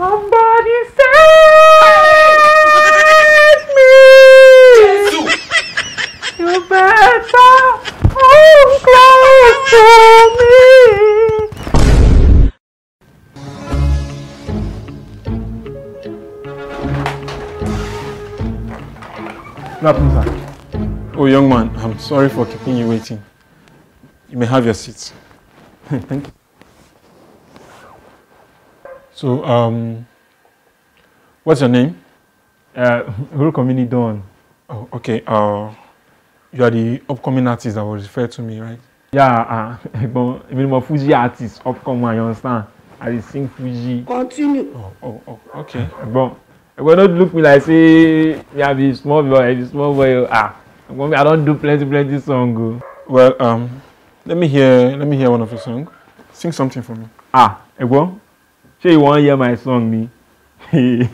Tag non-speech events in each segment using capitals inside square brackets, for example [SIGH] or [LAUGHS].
Somebody save me! You better come close to me! What happened, sir? Oh, young man, I'm sorry for keeping you waiting. You may have your seats. Thank you. So, um, what's your name? Uh, orúkọ mi ni Oh, okay. Uh, you are the upcoming artist that was referred to me, right? Yeah, uh, ẹ̀gbọ́n èmi ni mo Fuji artist upcoming, you understand? I sing Fuji. Continue. Oh, oh, oh okay. Ẹ̀gbọ́n will not look me like say me have a small boy, a small boy. Oh, ah, I don't do plenty plenty song oh. Well, um, let me hear let me hear one of your song. Sing something for me. Ah, ẹ̀gbọ́n ṣé you wan hear my song ni [LAUGHS]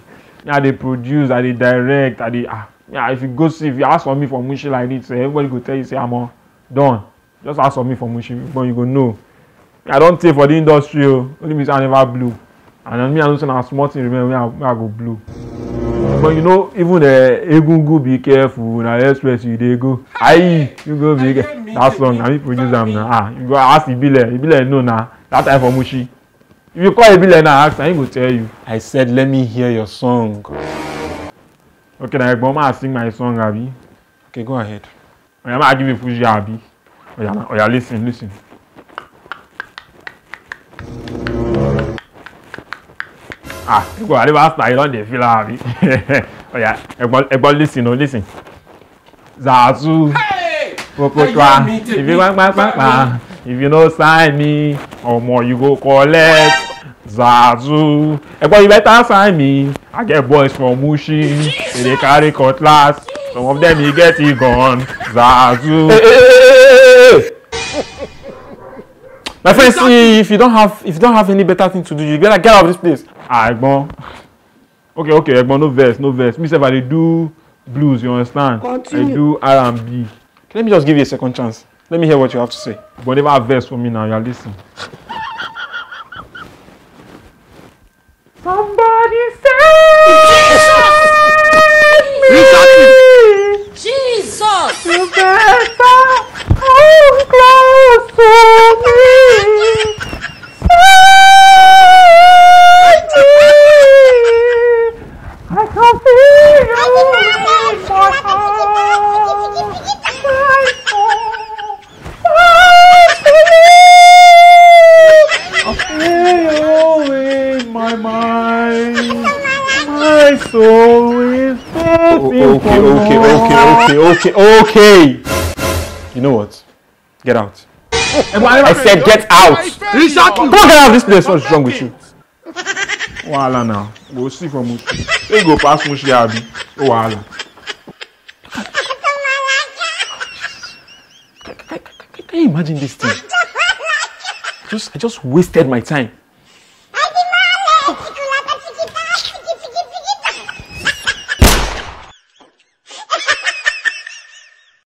i dey produce i dey direct i dey ah yeah, if you go see if you ask for me for mushi like this eh, everybody go tell you say amo don just ask for me for mushi but you go know i don tey for the industry o oh. only be say i never blow and me i know say na small thing remain wey i, wey I go blow but you know even the egungun be careful na express you dey go ayi you go be that song na me produce am na ah you go ask ibile ibile no, na that time for mushi if you call Ebile now ask na he go tell you i said let me hear your song. okay na egbon ma sing my song abi. okay go ahead. oya oh, ma give me fuji abi oya oh, na oya oh, lis ten lis ten. ah egbon adeba star you don dey feel am abi [LAUGHS] oya egbon egbon lis ten o lis ten. zazu popotwa if you gbangbangbangba if you no sign me omo you go collect zazu ẹ̀gbọ́n you better sign me i get boys from Mushin they carry cutlass some of them you get it gone. zazu. my friend see if you don't have if you don't have any better thing to do you better get out of this place. àgbọn ah, okay okay ẹ̀gbọ́n no verse, no verse. me sef i do blues you understand Continue. i do R&B let me just give you a second chance let me hear what you have to say. but never have verse for me now you are listening. Somebody save me! Jesus! You better come close. always okay, okay, okay, okay, okay, okay. You know what? Get out. I said get out. Go get out of this place. What's wrong with you? Wala now. We'll see from Mushi. They go past Mushi Abi. Wala. Can you imagine this thing? Just, I just wasted my time.